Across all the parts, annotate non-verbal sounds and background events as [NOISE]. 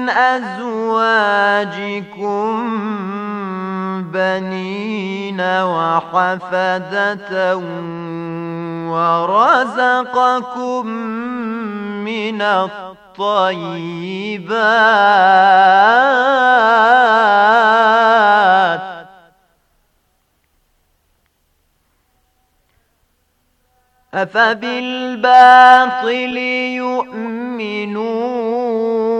من أزواجكم بنين وحفدة ورزقكم من الطيبات أفبالباطل يؤمنون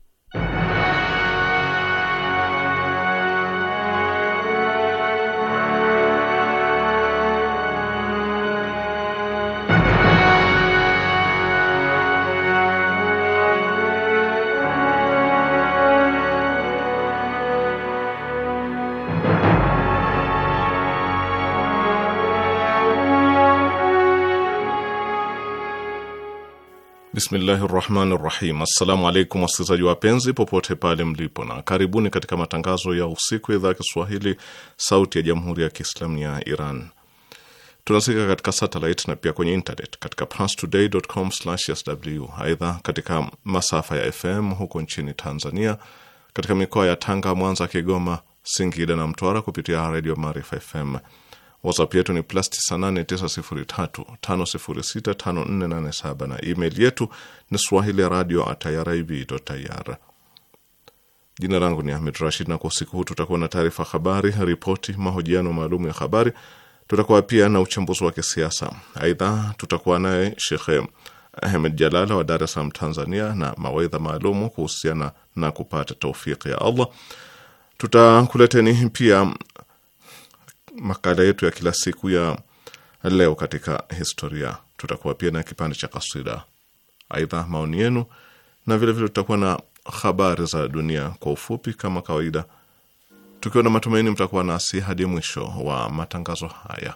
Bismillahi rahmani rahim. Assalamu alaikum wasikilizaji wapenzi popote pale mlipo, na karibuni katika matangazo ya usiku, idhaa ya Kiswahili sauti ya jamhuri ya Kiislamu ya Iran. Tunasikika katika satelit na pia kwenye internet katika parstoday.com/sw. Aidha, katika masafa ya FM huko nchini Tanzania, katika mikoa ya Tanga, Mwanza, Kigoma, Singida na Mtwara kupitia redio Maarifa FM. WhatsApp yetu ni plus 989035065487 na email yetu ni swahili radio irivr. Jina langu ni Ahmed Rashid, na kwa usiku huu tutakuwa na taarifa habari, ripoti, mahojiano maalum ya habari. Tutakuwa pia na uchambuzi wa kisiasa. Aidha, tutakuwa naye Shekhe Ahmed Jalala wa Dar es Salaam, Tanzania, na mawaidha maalumu kuhusiana na kupata taufiki ya Allah. Tutakuleteni pia makala yetu ya kila siku ya leo katika historia. Tutakuwa pia na kipande cha kasida, aidha maoni yenu, na vilevile tutakuwa na habari za dunia kwa ufupi kama kawaida, tukiwa na matumaini mtakuwa nasi hadi mwisho wa matangazo haya.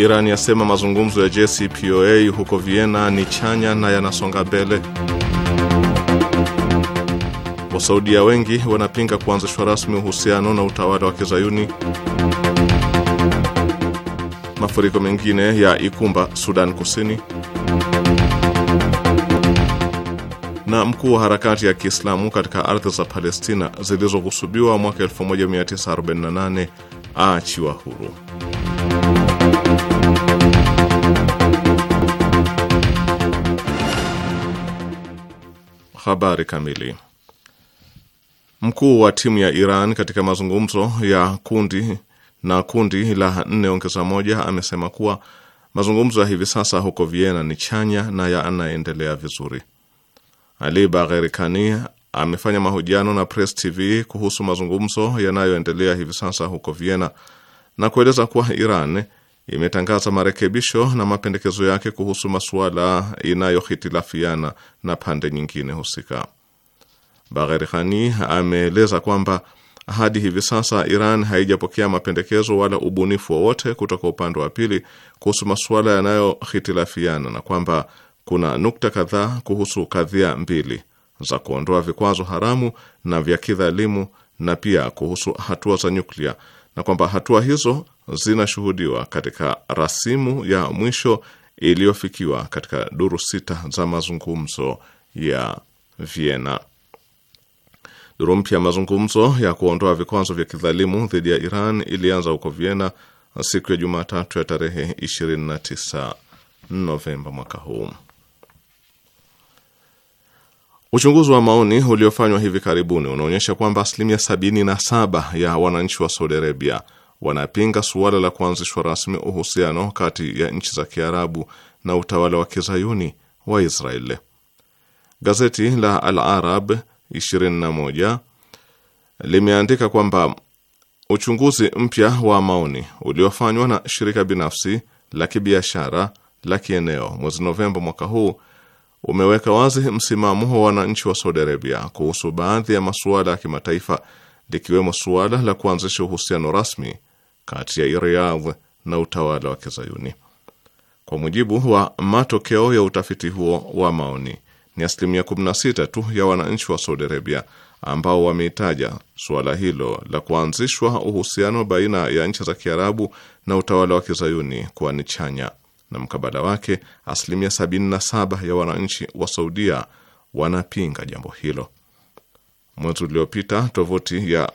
Iran yasema mazungumzo ya JCPOA huko Vienna ni chanya na yanasonga mbele. Wasaudia wengi wanapinga kuanzishwa rasmi uhusiano na utawala wa Kizayuni. Mafuriko mengine ya ikumba Sudan Kusini. Na mkuu wa harakati ya Kiislamu katika ardhi za Palestina zilizohusubiwa mwaka 1948 aachiwa huru. Habari kamili. Mkuu wa timu ya Iran katika mazungumzo ya kundi na kundi la nne ongeza moja amesema kuwa mazungumzo ya hivi sasa huko Vienna ni chanya na yanaendelea vizuri. Ali Bagheri Kani amefanya mahojiano na Press TV kuhusu mazungumzo yanayoendelea hivi sasa huko Vienna na kueleza kuwa Iran imetangaza marekebisho na mapendekezo yake kuhusu masuala inayohitilafiana na pande nyingine husika. Bagheri hani ameeleza kwamba hadi hivi sasa Iran haijapokea mapendekezo wala ubunifu wowote kutoka upande wa pili kuhusu masuala yanayohitilafiana na kwamba kuna nukta kadhaa kuhusu kadhia mbili za kuondoa vikwazo haramu na vya kidhalimu na pia kuhusu hatua za nyuklia na kwamba hatua hizo zinashuhudiwa katika rasimu ya mwisho iliyofikiwa katika duru sita za mazungumzo ya Vienna. Duru mpya ya mazungumzo ya kuondoa vikwazo vya kidhalimu dhidi ya Iran ilianza huko Vienna siku ya Jumatatu ya tarehe 29 Novemba mwaka huu. Uchunguzi wa maoni uliofanywa hivi karibuni unaonyesha kwamba asilimia 77 ya wananchi wa Saudi Arabia wanapinga suala la kuanzishwa rasmi uhusiano kati ya nchi za Kiarabu na utawala wa kizayuni wa Israeli. Gazeti la Al Arab 21 limeandika kwamba uchunguzi mpya wa maoni uliofanywa na shirika binafsi la kibiashara la kieneo mwezi Novemba mwaka huu umeweka wazi msimamo wa wananchi wa Saudi Arabia kuhusu baadhi ya masuala ya kimataifa likiwemo suala la kuanzisha uhusiano rasmi kati ya Riyadh na utawala wa Kizayuni. Kwa mujibu wa matokeo ya utafiti huo wa maoni, ni asilimia 16 tu ya wananchi wa Saudi Arabia ambao wameitaja suala hilo la kuanzishwa uhusiano baina ya nchi za Kiarabu na utawala wa Kizayuni kuwa ni chanya, na mkabala wake asilimia 77 ya wananchi wa Saudia wanapinga jambo hilo. Mwezi uliopita tovuti ya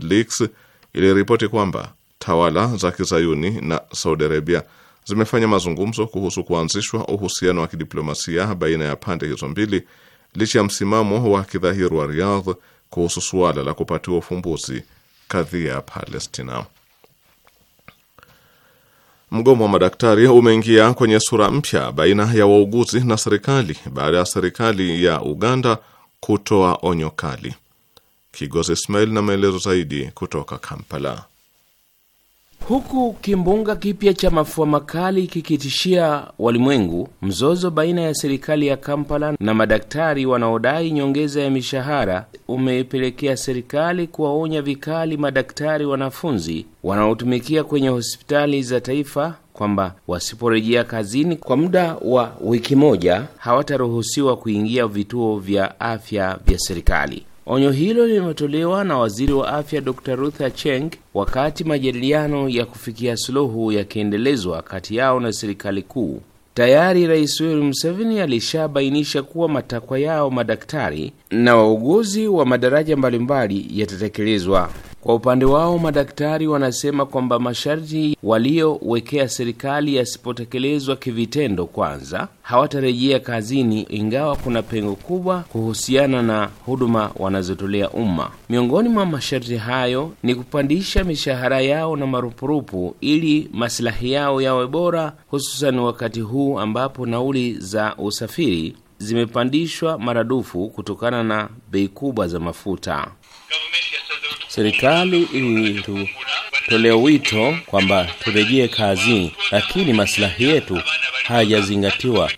Leaks iliripoti kwamba tawala za kizayuni na Saudi Arabia zimefanya mazungumzo kuhusu kuanzishwa uhusiano wa kidiplomasia baina ya pande hizo mbili licha ya msimamo wa kidhahiri wa Riyadh kuhusu suala la kupatiwa ufumbuzi kadhia ya Palestina. Mgomo wa madaktari umeingia kwenye sura mpya baina ya wauguzi na serikali baada ya serikali ya Uganda kutoa onyo kali. Kigozi Ismail na maelezo zaidi kutoka Kampala. Huku kimbunga kipya cha mafua makali kikitishia walimwengu, mzozo baina ya serikali ya Kampala na madaktari wanaodai nyongeza ya mishahara umeipelekea serikali kuwaonya vikali madaktari wanafunzi wanaotumikia kwenye hospitali za taifa kwamba wasiporejea kazini kwa muda wa wiki moja hawataruhusiwa kuingia vituo vya afya vya serikali. Onyo hilo limetolewa na waziri wa afya Dr ruther cheng wakati majadiliano ya kufikia suluhu yakiendelezwa kati yao na serikali kuu. Tayari Rais Yoweri Museveni alishabainisha kuwa matakwa yao madaktari na wauguzi wa madaraja mbalimbali yatatekelezwa. Kwa upande wao madaktari wanasema kwamba masharti waliowekea serikali yasipotekelezwa kivitendo, kwanza hawatarejea kazini, ingawa kuna pengo kubwa kuhusiana na huduma wanazotolea umma. Miongoni mwa masharti hayo ni kupandisha mishahara yao na marupurupu ili masilahi yao yawe bora, hususan wakati huu ambapo nauli za usafiri zimepandishwa maradufu kutokana na bei kubwa za mafuta. Serikali ilitutolea wito kwamba turejee kazini, lakini maslahi yetu hayajazingatiwa.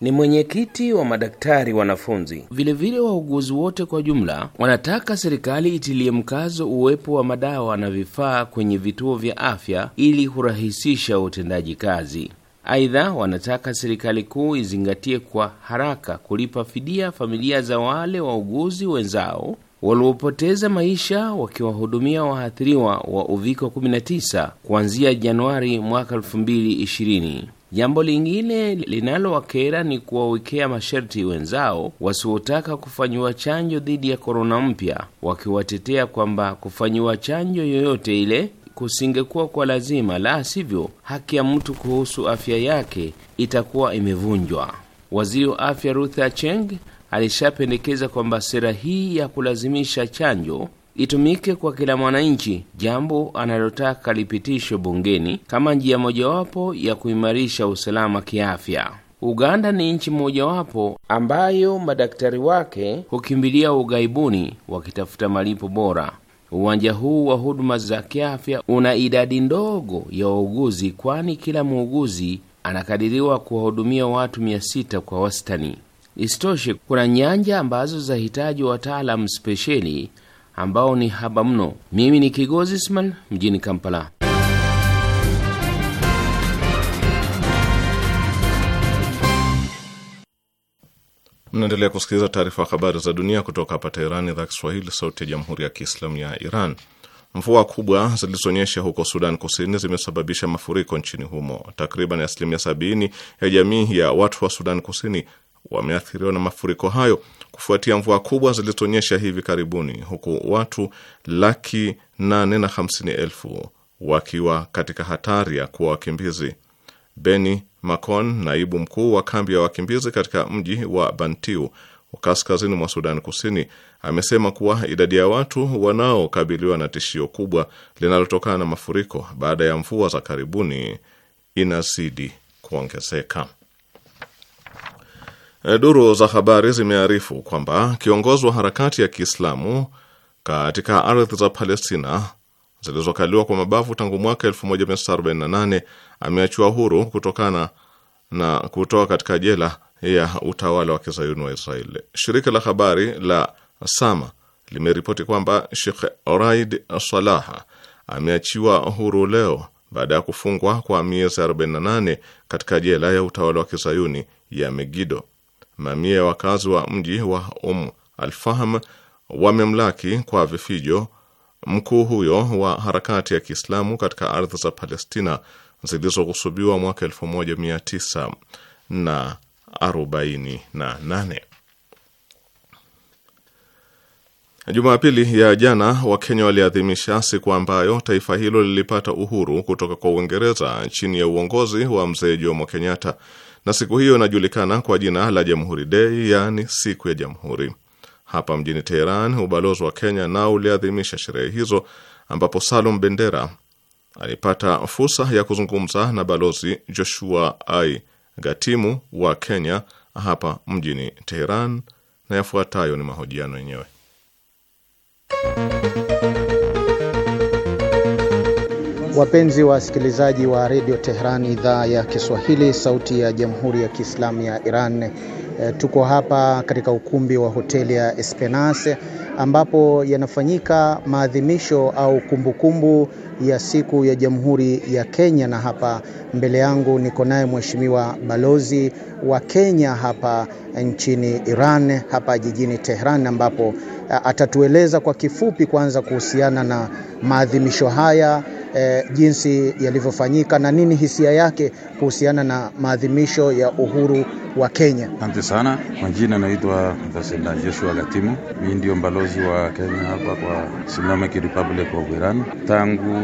Ni mwenyekiti wa madaktari wanafunzi. Vilevile wauguzi wote kwa jumla wanataka serikali itilie mkazo uwepo wa madawa na vifaa kwenye vituo vya afya ili hurahisisha utendaji kazi. Aidha, wanataka serikali kuu izingatie kwa haraka kulipa fidia familia za wale wauguzi wenzao waliopoteza maisha wakiwahudumia waathiriwa wa uviko 19 kuanzia Januari mwaka 2020. Jambo lingine linalowakera ni kuwawekea masharti wenzao wasiotaka kufanyiwa chanjo dhidi ya korona mpya, wakiwatetea kwamba kufanyiwa chanjo yoyote ile kusingekuwa kwa lazima, la sivyo haki ya mtu kuhusu afya yake itakuwa imevunjwa. Waziri wa afya Ruth Acheng alishapendekeza kwamba sera hii ya kulazimisha chanjo itumike kwa kila mwananchi, jambo analotaka lipitishwe bungeni kama njia mojawapo ya kuimarisha usalama kiafya. Uganda ni nchi mojawapo ambayo madaktari wake hukimbilia ughaibuni wakitafuta malipo bora. Uwanja huu wa huduma za kiafya una idadi ndogo ya wauguzi, kwani kila muuguzi anakadiriwa kuwahudumia watu mia sita kwa wastani. Isitoshe, kuna nyanja ambazo zahitaji wataalamu spesheli ambao ni haba mno. Mimi ni Kigozi Ismail mjini Kampala. Mnaendelea kusikiliza taarifa ya habari za dunia kutoka hapa Teherani, idhaa Kiswahili, sauti ya jamhuri ya kiislamu ya Iran. Mvua kubwa zilizonyesha huko Sudan Kusini zimesababisha mafuriko nchini humo. Takriban asilimia sabini ya jamii ya watu wa Sudan Kusini wameathiriwa na mafuriko hayo kufuatia mvua kubwa zilizonyesha hivi karibuni, huku watu laki nane na hamsini elfu wakiwa katika hatari ya kuwa wakimbizi. Beni Macon, naibu mkuu wa kambi ya wakimbizi katika mji wa Bantiu kaskazini mwa Sudan Kusini, amesema kuwa idadi ya watu wanaokabiliwa na tishio kubwa linalotokana na mafuriko baada ya mvua za karibuni inazidi kuongezeka. Eh, duru za habari zimearifu kwamba kiongozi wa harakati ya Kiislamu katika ardhi za Palestina zilizokaliwa kwa mabavu tangu mwaka 1948 ameachiwa huru kutokana na kutoka katika jela ya utawala wa kizayuni wa Israeli. Shirika la habari la Sama limeripoti kwamba Sheikh Raid Salaha ameachiwa huru leo baada ya kufungwa kwa miezi 48 katika jela ya utawala wa kizayuni ya Megido mamia ya wakazi wa mji wa Um Alfahm wamemlaki kwa vifijo mkuu huyo wa harakati ya Kiislamu katika ardhi za Palestina zilizokusubiwa mwaka 1948. Jumapili ya jana Wakenya waliadhimisha siku ambayo taifa hilo lilipata uhuru kutoka kwa Uingereza chini ya uongozi wa mzee Jomo Kenyatta na siku hiyo inajulikana kwa jina la Jamhuri Day, yaani siku ya Jamhuri. Hapa mjini Teheran, ubalozi wa Kenya nao uliadhimisha sherehe hizo, ambapo Salum Bendera alipata fursa ya kuzungumza na balozi Joshua I Gatimu wa Kenya hapa mjini Teheran, na yafuatayo ni mahojiano yenyewe. Wapenzi wasikilizaji wa redio Teherani, idhaa ya Kiswahili, sauti ya jamhuri ya kiislamu ya Iran, E, tuko hapa katika ukumbi wa hoteli ya Espenace ambapo yanafanyika maadhimisho au kumbukumbu -kumbu ya siku ya Jamhuri ya Kenya, na hapa mbele yangu niko naye Mheshimiwa Balozi wa Kenya hapa nchini Iran hapa jijini Tehran, ambapo eh, atatueleza kwa kifupi kwanza kuhusiana na maadhimisho haya e, jinsi yalivyofanyika na nini hisia yake kuhusiana na maadhimisho ya uhuru wa Kenya. Asante Asante sana. Kwa jina naitwa Mvasela Joshua Gatimu, mimi ndio mbalozi wa Kenya hapa kwa Islamic Republic of Iran tangu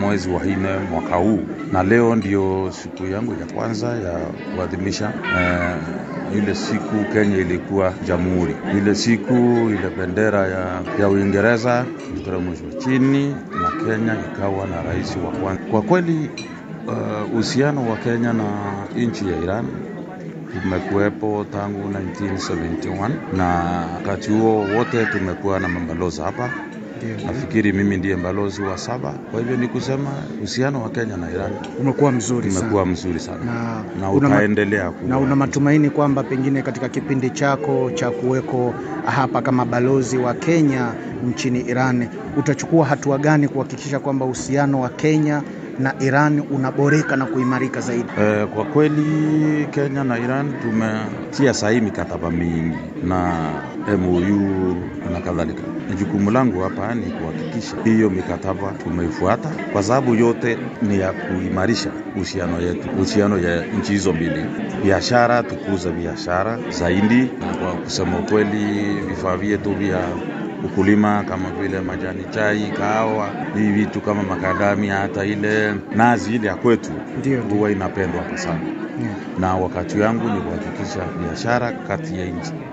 mwezi wa nne mwaka huu, na leo ndio siku yangu ya kwanza ya kuadhimisha eh, ile siku Kenya ilikuwa jamhuri. Ile siku ile bendera ya, ya Uingereza iliteremshwa chini na Kenya ikawa na rais wa kwanza. Kwa kweli eh, uhusiano wa Kenya na nchi ya Iran tumekuwepo tangu 1971 na wakati huo wote tumekuwa na mabalozi hapa. Nafikiri mimi ndiye balozi wa saba. Kwa hivyo ni kusema uhusiano wa Kenya na Iran umekuwa mzuri, umekuwa mzuri sana na, na utaendelea kuwa. Na una matumaini kwamba pengine katika kipindi chako cha kuweko hapa kama balozi wa Kenya nchini Iran utachukua hatua gani kuhakikisha kwamba uhusiano wa Kenya na Iran unaboreka na kuimarika zaidi? E, kwa kweli Kenya na Iran tumetia sahihi mikataba mingi na MOU na kadhalika. Jukumu langu hapa ni kuhakikisha hiyo mikataba tumeifuata, kwa sababu yote ni ya kuimarisha uhusiano yetu, uhusiano ya nchi hizo mbili, biashara, tukuza biashara zaidi, na kwa kusema ukweli vifaa vyetu vya ukulima kama vile majani chai, kahawa, hii vitu kama makadamia, hata ile nazi ile ya kwetu huwa inapendwa hapa sana yeah. Na wakati wangu ni kuhakikisha biashara kati ya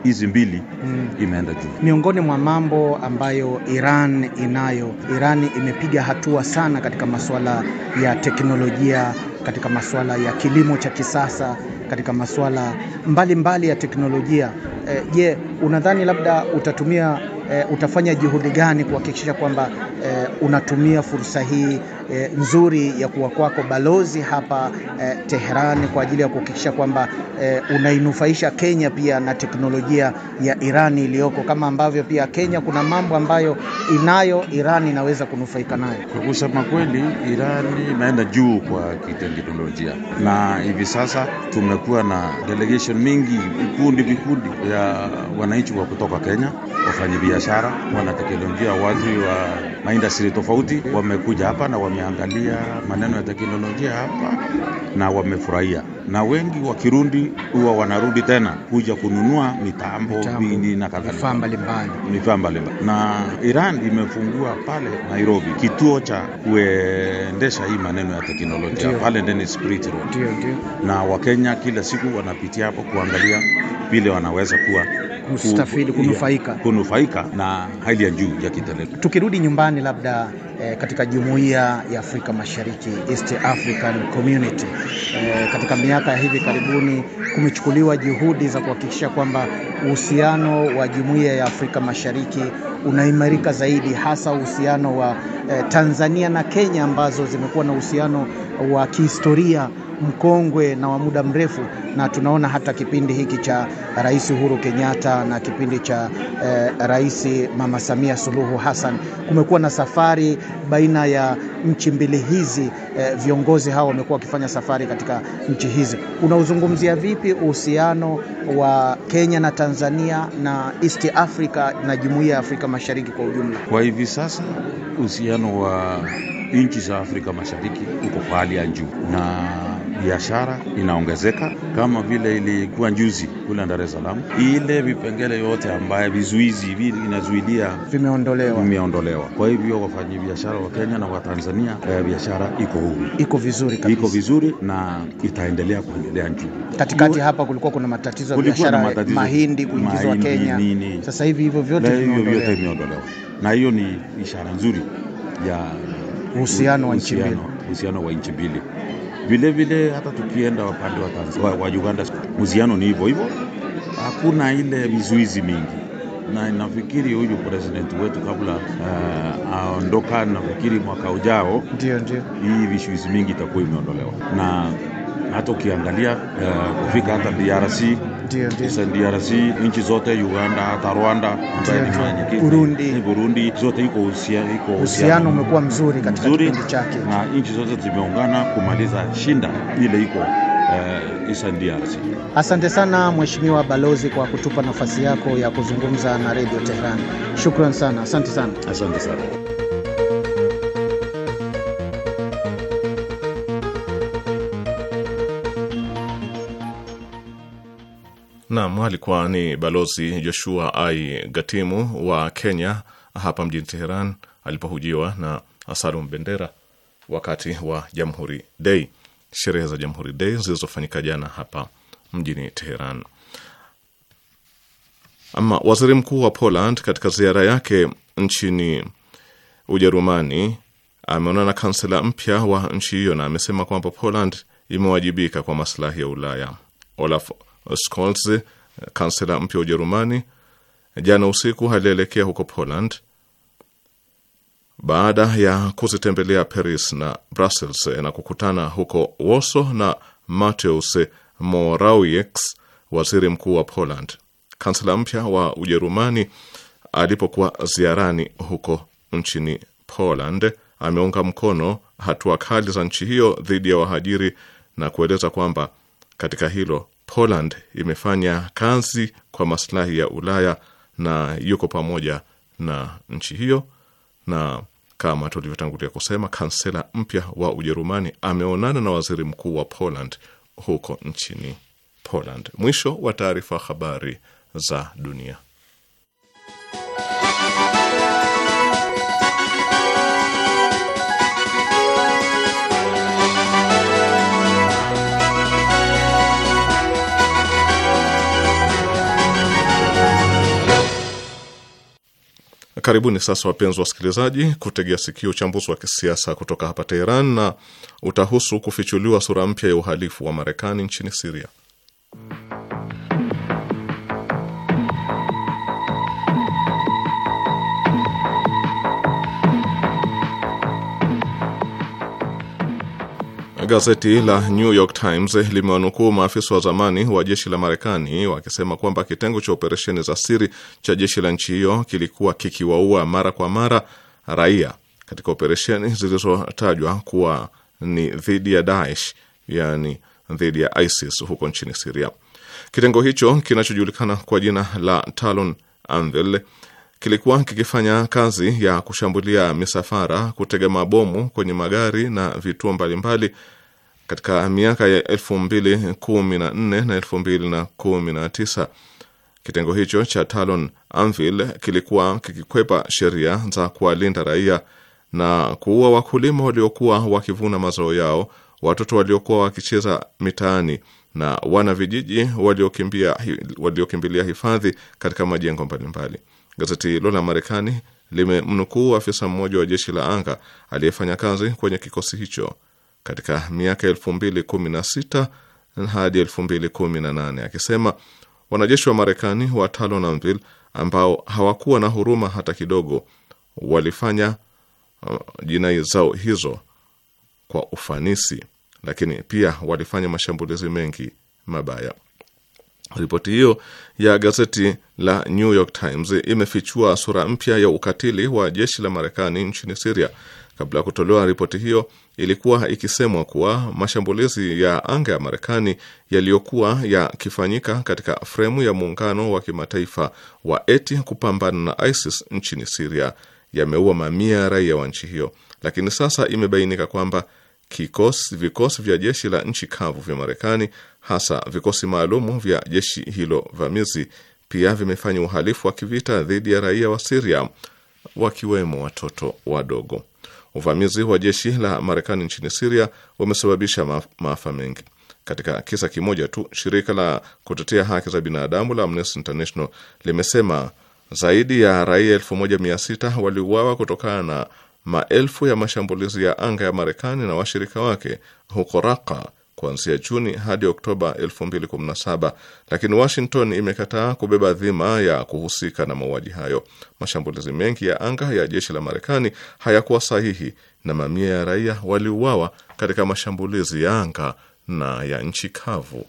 hizi mbili mm, imeenda juu. Miongoni mwa mambo ambayo Iran inayo, Iran imepiga hatua sana katika masuala ya teknolojia, katika masuala ya kilimo cha kisasa katika masuala mbalimbali mbali ya teknolojia. Eh, je, eh, unadhani labda utatumia e, utafanya juhudi gani kuhakikisha kwamba e, unatumia fursa hii e, nzuri ya kuwa kwako balozi hapa e, Teheran kwa ajili ya kuhakikisha kwamba e, unainufaisha Kenya pia na teknolojia ya Irani iliyoko, kama ambavyo pia Kenya kuna mambo ambayo inayo Irani inaweza kunufaika nayo. Kwa kusema kweli, Irani inaenda juu kwa kiteknolojia, na hivi sasa tumekuwa na delegation mingi, vikundi vikundi ya wananchi wa kutoka Kenya, wafanyabiashara, wanateknolojia, watu wa maindastri tofauti wamekuja hapa na wame wameangalia maneno ya teknolojia hapa na wamefurahia, na wengi wa Kirundi huwa wanarudi tena kuja kununua mitambo mingi na kadhalika, vifaa mbalimbali, mbalimbali. Na Iran imefungua pale Nairobi kituo cha kuendesha hii maneno ya teknolojia pale Dennis Spirit Road, na Wakenya kila siku wanapitia hapo kuangalia vile wanaweza kuwa kustafidi kunufaika, kunufaika na hali ya juu ya kiteleto. Tukirudi nyumbani labda E, katika jumuiya ya Afrika Mashariki East African Community e, katika miaka ya hivi karibuni kumechukuliwa juhudi za kuhakikisha kwamba uhusiano wa jumuiya ya Afrika Mashariki unaimarika zaidi, hasa uhusiano wa e, Tanzania na Kenya ambazo zimekuwa na uhusiano wa kihistoria mkongwe na wa muda mrefu, na tunaona hata kipindi hiki cha Rais Uhuru Kenyatta na kipindi cha eh, Rais Mama Samia Suluhu Hassan kumekuwa na safari baina ya nchi mbili hizi eh, viongozi hao wamekuwa wakifanya safari katika nchi hizi. Unauzungumzia vipi uhusiano wa Kenya na Tanzania na East Africa na Jumuiya ya Afrika Mashariki kwa ujumla? Kwa hivi sasa uhusiano wa nchi za Afrika Mashariki uko kwa hali ya juu na biashara inaongezeka kama vile ilikuwa juzi kule Dar es Salaam. Ile vipengele yote ambaye vizuizi vi inazuilia vimeondolewa, vimeondolewa. Kwa hivyo biashara wa Kenya na wa Tanzania eh, biashara iko huru, iko vizuri kabisa, iko vizuri na itaendelea kuendelea juu. Katikati hapa kulikuwa kuna matatizo ya biashara mahindi kuingizwa Kenya, nini. Sasa hivi hivyo vyote vimeondolewa, na hiyo ni ishara nzuri ya uhusiano wa nchi mbili, uhusiano wa nchi mbili. Vilevile hata tukienda upande wa, wa Uganda muziano ni hivyo hivyo, hakuna ile mizuizi mingi na nafikiri huyu presidenti wetu kabla uh, aondoka, nafikiri mwaka ujao ndio ndio hii vishuizi mingi itakuwa imeondolewa, na hata ukiangalia uh, kufika hata DRC ndio, ndio. DRC nchi zote Uganda, hata Rwanda Burundi, Burundi zote iko uhusiano umekuwa mzuri katika kipindi chake, na nchi zote zimeungana kumaliza shinda ile iko Uh, eh, DRC. Asante sana Mheshimiwa Balozi kwa kutupa nafasi yako ya kuzungumza na Radio Tehran. Shukran sana, asante sana. Asante sana. Nam alikuwa ni Balozi Joshua Ai Gatimu wa Kenya hapa mjini Teheran alipohujiwa na Salum Bendera wakati wa Jamhuri Day, sherehe za Jamhuri Day zilizofanyika jana hapa mjini Teheran. Ama waziri mkuu wa Poland katika ziara yake nchini Ujerumani ameonana na kansela mpya wa nchi hiyo na amesema kwamba Poland imewajibika kwa maslahi ya Ulaya. Olaf Scholz, kansela mpya wa Ujerumani, jana usiku alielekea huko Poland baada ya kuzitembelea Paris na Brussels na kukutana huko Warsaw na Mateusz Morawiecki, waziri mkuu wa Poland. Kansela mpya wa Ujerumani alipokuwa ziarani huko nchini Poland ameunga mkono hatua kali za nchi hiyo dhidi ya wahajiri na kueleza kwamba katika hilo Poland imefanya kazi kwa maslahi ya Ulaya na yuko pamoja na nchi hiyo, na kama tulivyotangulia kusema, kansela mpya wa Ujerumani ameonana na waziri mkuu wa Poland huko nchini Poland. Mwisho wa taarifa. Habari za dunia. Karibuni sasa wapenzi wasikilizaji, kutegea sikio uchambuzi wa kisiasa kutoka hapa Teheran, na utahusu kufichuliwa sura mpya ya uhalifu wa Marekani nchini Siria. Gazeti la New York Times limewanukuu maafisa wa zamani wa jeshi la Marekani wakisema kwamba kitengo cha operesheni za siri cha jeshi la nchi hiyo kilikuwa kikiwaua mara kwa mara raia katika operesheni zilizotajwa kuwa ni dhidi ya Daesh, yani dhidi ya ISIS huko nchini Siria. Kitengo hicho kinachojulikana kwa jina la Talon Anvil kilikuwa kikifanya kazi ya kushambulia misafara, kutega mabomu kwenye magari na vituo mbalimbali katika miaka ya elfu mbili kumi na nne na elfu mbili na kumi na tisa. Kitengo hicho cha Talon Anvil kilikuwa kikikwepa sheria za kuwalinda raia na kuua wakulima waliokuwa wakivuna mazao yao, watoto waliokuwa wakicheza mitaani na wana vijiji waliokimbilia hifadhi katika majengo mbalimbali. Gazeti hilo la Marekani limemnukuu afisa mmoja wa jeshi la anga aliyefanya kazi kwenye kikosi hicho katika miaka elfu mbili kumi na sita hadi elfu mbili kumi na nane akisema wanajeshi wa Marekani wa Talonville ambao hawakuwa na huruma hata kidogo walifanya uh, jinai zao hizo kwa ufanisi, lakini pia walifanya mashambulizi mengi mabaya. Ripoti hiyo ya gazeti la New York Times imefichua sura mpya ya ukatili wa jeshi la Marekani nchini Siria. Kabla ya kutolewa ripoti hiyo ilikuwa ikisemwa kuwa mashambulizi ya anga ya Marekani yaliyokuwa yakifanyika katika fremu ya muungano wa kimataifa wa eti kupambana na ISIS nchini Siria yameua mamia ya raia wa nchi hiyo, lakini sasa imebainika kwamba kikosi vikosi vya jeshi la nchi kavu vya Marekani, hasa vikosi maalumu vya jeshi hilo vamizi, pia vimefanya uhalifu wa kivita dhidi ya raia wa Siria, wakiwemo watoto wadogo. Uvamizi wa jeshi la Marekani nchini Siria umesababisha maafa mengi. Katika kisa kimoja tu, shirika la kutetea haki za binadamu la Amnesty International limesema zaidi ya raia sita waliuawa kutokana na maelfu ya mashambulizi ya anga ya Marekani na washirika wake huko Raqqa kuanzia Juni hadi Oktoba 2017, lakini Washington imekataa kubeba dhima ya kuhusika na mauaji hayo. Mashambulizi mengi ya anga ya jeshi la Marekani hayakuwa sahihi na mamia ya raia waliuawa katika mashambulizi ya anga na ya nchi kavu.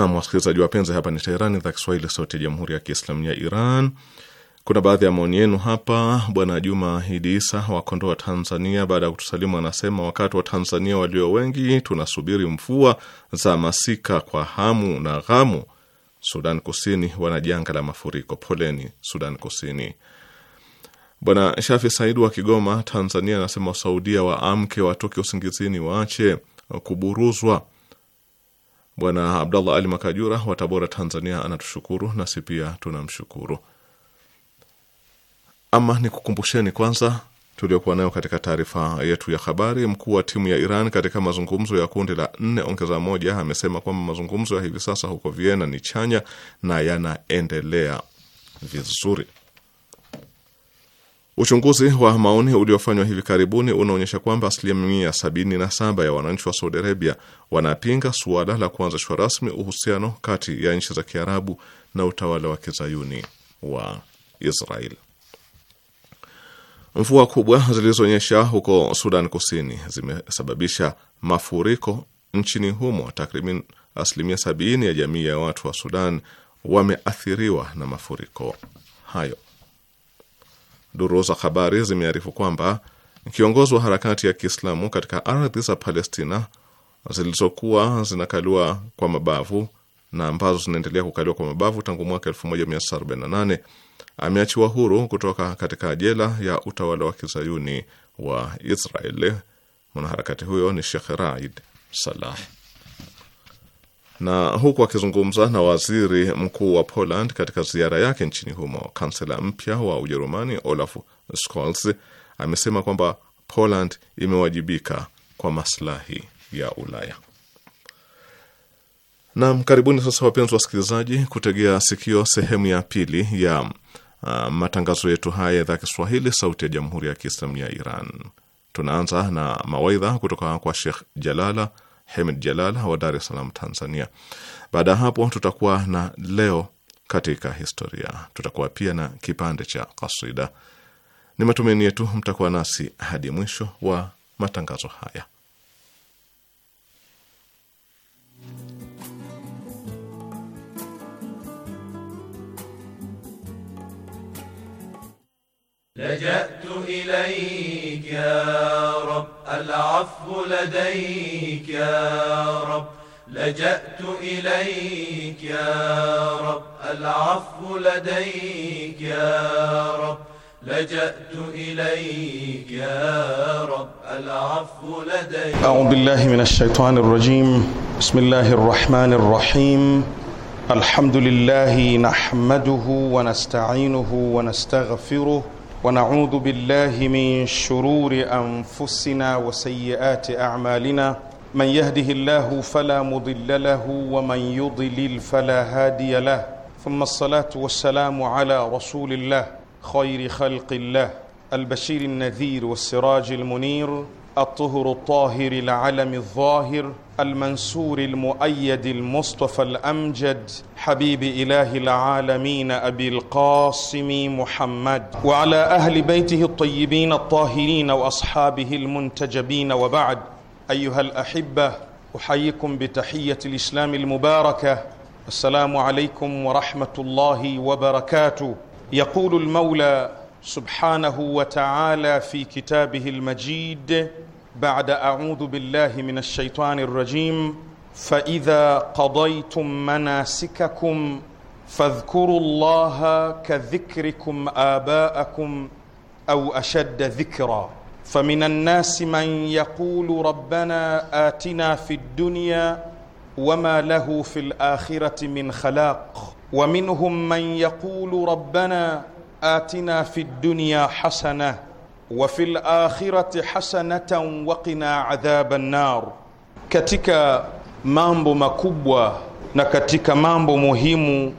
Naam, wasikilizaji wapenzi, hapa ni Teherani, idhaa Kiswahili, sauti ya jamhuri ya kiislamu ya Iran. Kuna baadhi ya maoni yenu hapa. Bwana Juma Hidi Isa wa Kondoa, Tanzania, baada ya kutusalimu anasema, wakati wa Tanzania walio wengi tunasubiri mvua za masika kwa hamu na ghamu. Sudan Kusini wana janga la mafuriko, poleni Sudan Kusini. Bwana Shafi Said wa Kigoma, Tanzania, anasema, Wasaudia waamke, watoke usingizini, waache kuburuzwa Bwana Abdallah Ali Makajura wa Tabora, Tanzania, anatushukuru nasi pia tunamshukuru. Ama ni kukumbusheni kwanza tuliokuwa nayo katika taarifa yetu ya habari. Mkuu wa timu ya Iran katika mazungumzo ya kundi la nne ongeza moja amesema kwamba mazungumzo ya hivi sasa huko Vienna ni chanya na yanaendelea vizuri. Uchunguzi wa maoni uliofanywa hivi karibuni unaonyesha kwamba asilimia 77 ya wananchi wa Saudi Arabia wanapinga suala la kuanzishwa rasmi uhusiano kati ya nchi za Kiarabu na utawala wa kizayuni wa Israel. Mvua kubwa zilizonyesha huko Sudan Kusini zimesababisha mafuriko nchini humo. Takriban asilimia sabini ya jamii ya watu wa Sudan wameathiriwa na mafuriko hayo. Duru za habari zimearifu kwamba kiongozi wa harakati ya Kiislamu katika ardhi za Palestina zilizokuwa zinakaliwa kwa mabavu na ambazo zinaendelea kukaliwa kwa mabavu tangu mwaka 1948 ameachiwa huru kutoka katika jela ya utawala wa kizayuni wa Israeli. Mwanaharakati huyo ni Sheikh Raid Salah na huku akizungumza na waziri mkuu wa Poland katika ziara yake nchini humo, kansela mpya wa Ujerumani Olaf Scholz amesema kwamba Poland imewajibika kwa maslahi ya Ulaya. Naam, karibuni sasa wapenzi wasikilizaji, kutegea sikio sehemu ya pili ya uh, matangazo yetu haya ya idhaa Kiswahili sauti ya jamhuri ya Kiislamu ya Iran. Tunaanza na mawaidha kutoka kwa Sheikh Jalala Hemed Jalal wa Dar es Salaam, Tanzania. Baada ya hapo, tutakuwa na leo katika historia, tutakuwa pia na kipande cha kasida. Ni matumaini yetu mtakuwa nasi hadi mwisho wa matangazo haya. لجأت إليك يا رب العفو لديك يا رب لجأت إليك يا رب العفو لديك يا رب لجأت إليك يا رب العفو لديك أعوذ بالله من الشيطان الرجيم بسم الله الرحمن الرحيم الحمد لله نحمده ونستعينه ونستغفره ونعوذ بالله من شرور انفسنا وسيئات اعمالنا من يهده الله فلا مضل له ومن يضلل فلا هادي له ثم الصلاه والسلام على رسول الله خير خلق الله البشير النذير والسراج المنير الطهر الطاهر العلم الظاهر المنسور المؤيد المصطفى الامجد حبيب اله العالمين ابي القاسم محمد وعلى اهل بيته الطيبين الطاهرين واصحابه المنتجبين وبعد ايها الاحبه احييكم بتحيه الاسلام المباركه السلام عليكم ورحمه الله وبركاته يقول المولى سبحانه وتعالى في كتابه المجيد بعد اعوذ بالله من الشيطان الرجيم فاذا قضيتم مناسككم فاذكروا الله كذكركم اباءكم او اشد ذكرا فمن الناس من يقول ربنا اتنا في الدنيا وما له في الاخره من خلاق ومنهم من يقول ربنا atina fi dunya hasana wa fil akhirati hasanatan wa qina adhaban nar, katika mambo makubwa na katika mambo muhimu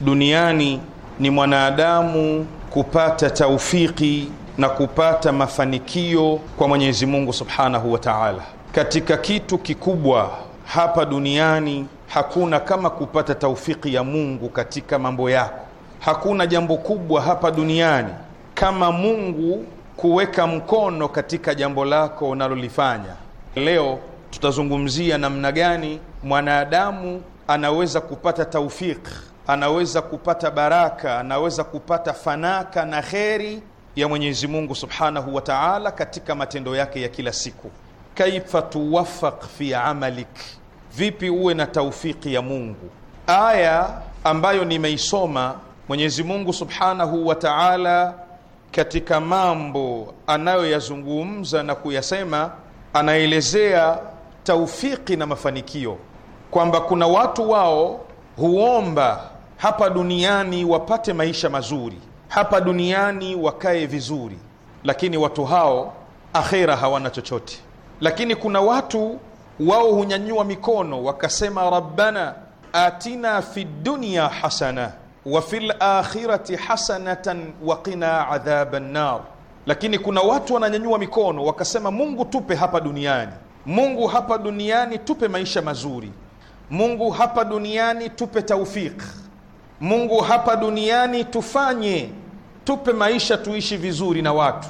duniani ni mwanadamu kupata taufiki na kupata mafanikio kwa Mwenyezi Mungu Subhanahu wa Ta'ala. Katika kitu kikubwa hapa duniani hakuna kama kupata taufiki ya Mungu katika mambo yako hakuna jambo kubwa hapa duniani kama Mungu kuweka mkono katika jambo lako unalolifanya. Leo tutazungumzia namna gani mwanadamu anaweza kupata taufik, anaweza kupata baraka, anaweza kupata fanaka na kheri ya Mwenyezi Mungu Subhanahu wa Ta'ala katika matendo yake ya kila siku. Kaifa tuwafaq fi amalik, vipi uwe na taufiki ya Mungu. Aya ambayo nimeisoma Mwenyezi Mungu Subhanahu wa Ta'ala katika mambo anayoyazungumza na kuyasema, anaelezea taufiki na mafanikio kwamba kuna watu wao huomba hapa duniani wapate maisha mazuri, hapa duniani wakae vizuri, lakini watu hao akhera hawana chochote. Lakini kuna watu wao hunyanyua mikono wakasema, rabbana atina fi dunya hasana wa fil akhirati hasanatan wa qina adhaban nar. Lakini kuna watu wananyanyua mikono wakasema, Mungu tupe hapa duniani, Mungu hapa duniani tupe maisha mazuri, Mungu hapa duniani tupe taufik, Mungu hapa duniani tufanye, tupe maisha tuishi vizuri na watu,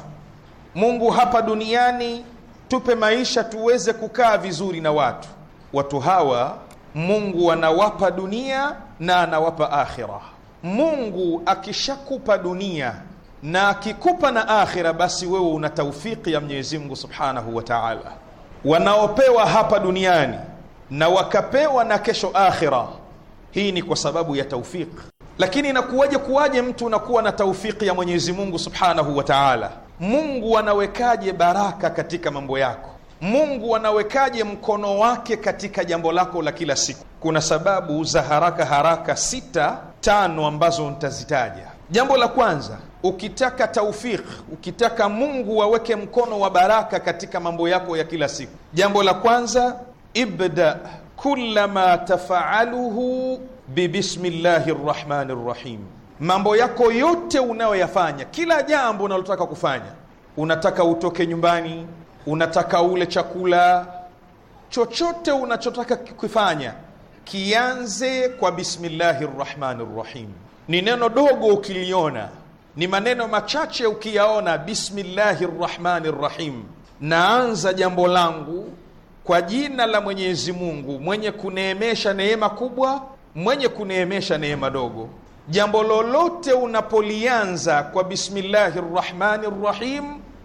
Mungu hapa duniani tupe maisha tuweze kukaa vizuri na watu. Watu hawa Mungu anawapa dunia na anawapa akhira. Mungu akishakupa dunia na akikupa na akhira, basi wewe una taufiki ya Mwenyezi Mungu Subhanahu wa Ta'ala. Wanaopewa hapa duniani na wakapewa na kesho akhira, hii ni kwa sababu ya taufiki. Lakini inakuwaje, kuwaje mtu unakuwa na taufiki ya Mwenyezi Mungu Subhanahu wa Ta'ala? Mungu anawekaje baraka katika mambo yako? Mungu anawekaje mkono wake katika jambo lako la kila siku? Kuna sababu za haraka haraka sita tano ambazo nitazitaja. Jambo la kwanza, ukitaka taufik, ukitaka Mungu aweke mkono wa baraka katika mambo yako ya kila siku, jambo la kwanza, ibda kulla ma tafaaluhu bibismillahi rrahmani rrahim. Mambo yako yote unayoyafanya, kila jambo unalotaka kufanya, unataka utoke nyumbani unataka ule chakula chochote unachotaka kukifanya kianze kwa bismillahi rrahmani rrahim. Ni neno dogo ukiliona, ni maneno machache ukiyaona, bismillahi rrahmani rrahim, naanza jambo langu kwa jina la Mwenyezi Mungu mwenye kuneemesha neema kubwa, mwenye kuneemesha neema dogo. Jambo lolote unapolianza kwa bismillahi rrahmani rrahim,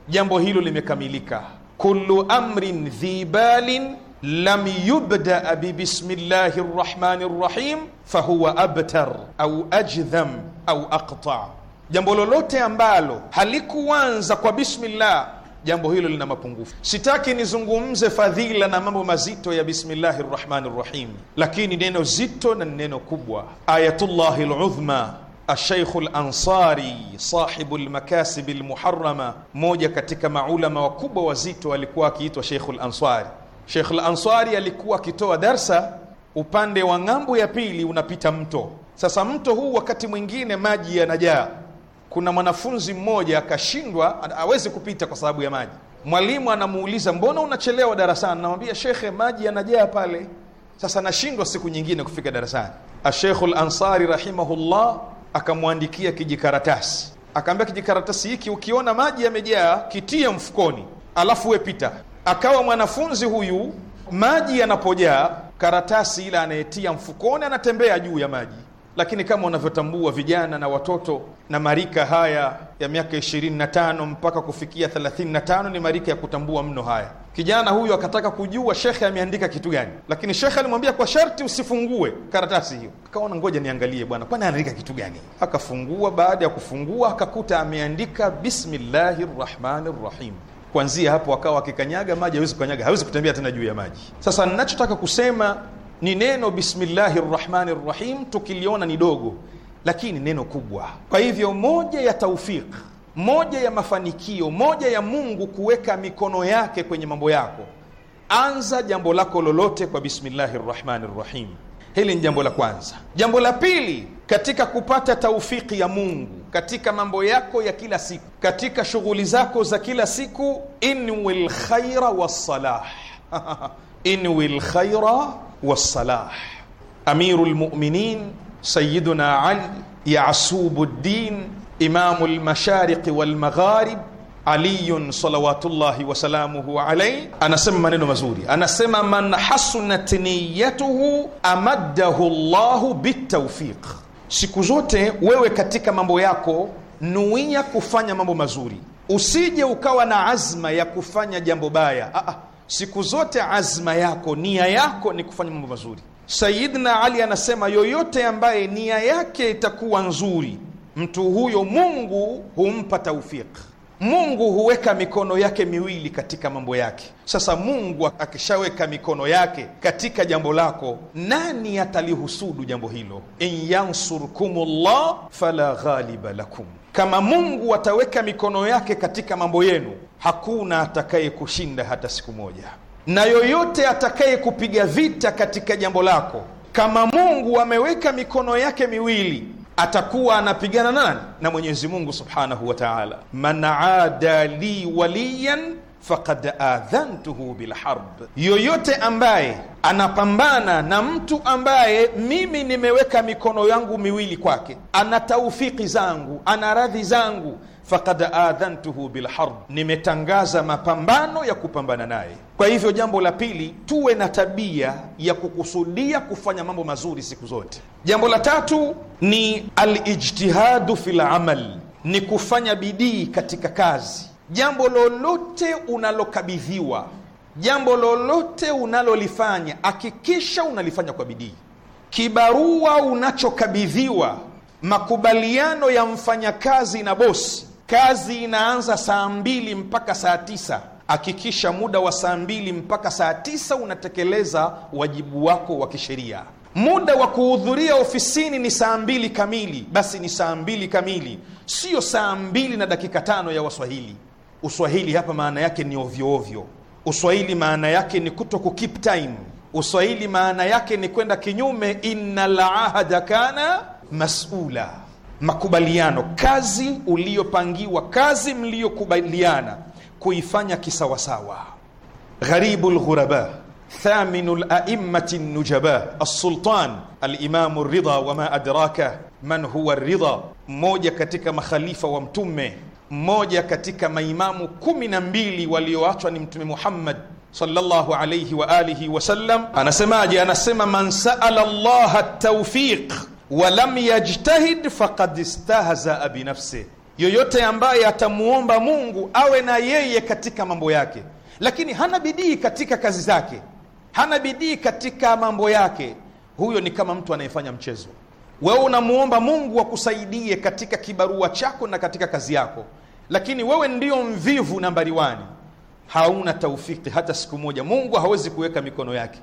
jambo hilo limekamilika kullu amrin dhi balin lam yubdaa bibismillahi rahmani rrahim fahuwa abtar au ajdham au aqta, jambo lolote ambalo halikuanza kwa bismillah, jambo hilo lina mapungufu. Sitaki nizungumze fadhila na mambo mazito ya bismillahi rahmani rrahim, lakini neno zito na neno kubwa, ayatullahi ludhma Ashaikhu Lansari sahibu lmakasibi lmuharama, mmoja katika maulama wakubwa wazito alikuwa akiitwa Sheikhu Lansari. Sheikh Lansari alikuwa akitoa darsa, upande wa ng'ambo ya pili unapita mto. Sasa mto huu wakati mwingine maji yanajaa. Kuna mwanafunzi mmoja akashindwa, hawezi kupita kwa sababu ya maji. Mwalimu anamuuliza mbona unachelewa darasani? Namwambia shekhe, maji yanajaa pale, sasa nashindwa siku nyingine kufika darasani. Asheikhu Lansari rahimahullah akamwandikia kijikaratasi, akaambia kijikaratasi hiki ukiona maji yamejaa, kitie mfukoni, alafu wepita. Akawa mwanafunzi huyu, maji yanapojaa, karatasi ile anayetia mfukoni, anatembea juu ya maji lakini kama unavyotambua vijana na watoto na marika haya ya miaka 25 mpaka kufikia 35 ni marika ya kutambua mno haya. Kijana huyu akataka kujua shekhe ameandika kitu gani, lakini shekhe alimwambia kwa sharti usifungue karatasi hiyo. Akaona ngoja niangalie bwana, kwani anaandika kitu gani? Akafungua. Baada ya kufungua, akakuta ameandika bismillahi rrahmani rrahim. Kuanzia hapo akawa akikanyaga maji, hawezi kukanyaga, hawezi kutembea tena juu ya maji. Sasa ninachotaka kusema ni neno bismillahi rrahmani rrahim, tukiliona ni dogo, lakini neno kubwa. Kwa hivyo moja ya taufiki, moja ya mafanikio, moja ya Mungu kuweka mikono yake kwenye mambo yako, anza jambo lako lolote kwa bismillahi rrahmani rrahim. Hili ni jambo la kwanza. Jambo la pili, katika kupata taufiki ya Mungu katika mambo yako ya kila siku, katika shughuli zako za kila siku, inwi lkhaira wassalah [LAUGHS] inwi lkhaira wassalah. Amiru lmuminin Sayiduna Ali yasubu ddin imamu lmashariqi walmagharib Aliyun salawatullahi wasalamuhu alaihi anasema maneno mazuri, anasema man hasunat niyatuhu amaddahu llahu bitaufiq. Siku zote wewe katika mambo yako nuia kufanya mambo mazuri, usije ukawa na azma ya kufanya jambo baya. Aa siku zote azma yako, nia yako ni kufanya mambo mazuri. Sayidna Ali anasema yoyote ambaye nia yake itakuwa nzuri, mtu huyo Mungu humpa taufik Mungu huweka mikono yake miwili katika mambo yake. Sasa Mungu akishaweka mikono yake katika jambo lako, nani atalihusudu jambo hilo? in yansurkumullah fala ghaliba lakum kama Mungu ataweka mikono yake katika mambo yenu, hakuna atakayekushinda hata siku moja, na yoyote atakayekupiga vita katika jambo lako, kama Mungu ameweka mikono yake miwili atakuwa anapigana nani? Na Mwenyezi Mungu subhanahu wa taala, man ada li waliyan faqad adhantuhu bilharb, yoyote ambaye anapambana na mtu ambaye mimi nimeweka mikono yangu miwili kwake, ana taufiki zangu, ana radhi zangu, faqad adhantuhu bilharb, nimetangaza mapambano ya kupambana naye. Kwa hivyo, jambo la pili, tuwe na tabia ya kukusudia kufanya mambo mazuri siku zote. Jambo la tatu ni alijtihadu fil amal, ni kufanya bidii katika kazi Jambo lolote unalokabidhiwa, jambo lolote unalolifanya, hakikisha unalifanya kwa bidii. Kibarua unachokabidhiwa, makubaliano ya mfanyakazi na bosi, kazi inaanza saa mbili mpaka saa tisa. Hakikisha muda wa saa mbili mpaka saa tisa unatekeleza wajibu wako wa kisheria. Muda wa kuhudhuria ofisini ni saa mbili kamili, basi ni saa mbili kamili, siyo saa mbili na dakika tano ya Waswahili. Uswahili hapa maana yake ni ovyo ovyo. Uswahili maana yake ni kuto ku keep time. Uswahili maana yake ni kwenda kinyume, Inna ahada kana masula, makubaliano, kazi uliyopangiwa, kazi mliyokubaliana kuifanya kisawasawa. Gharibu lghuraba thaminu laimati nujaba alsultan alimamu Ridha, wama adraka man huwa Ridha, mmoja katika makhalifa wa Mtume mmoja katika maimamu kumi na mbili walioachwa ni Mtume Muhammad sallallahu alayhi wa alihi wasallam, anasemaje? Anasema, man saala llaha taufiq wa lam yajtahid faqad istahzaa binafsi, yoyote ambaye atamuomba Mungu awe na yeye katika mambo yake, lakini hana bidii katika kazi zake, hana bidii katika mambo yake, huyo ni kama mtu anayefanya mchezo. Wewe unamuomba Mungu akusaidie katika kibarua chako na katika kazi yako lakini wewe ndio mvivu nambari wani, hauna taufiki hata siku moja. Mungu hawezi kuweka mikono yake.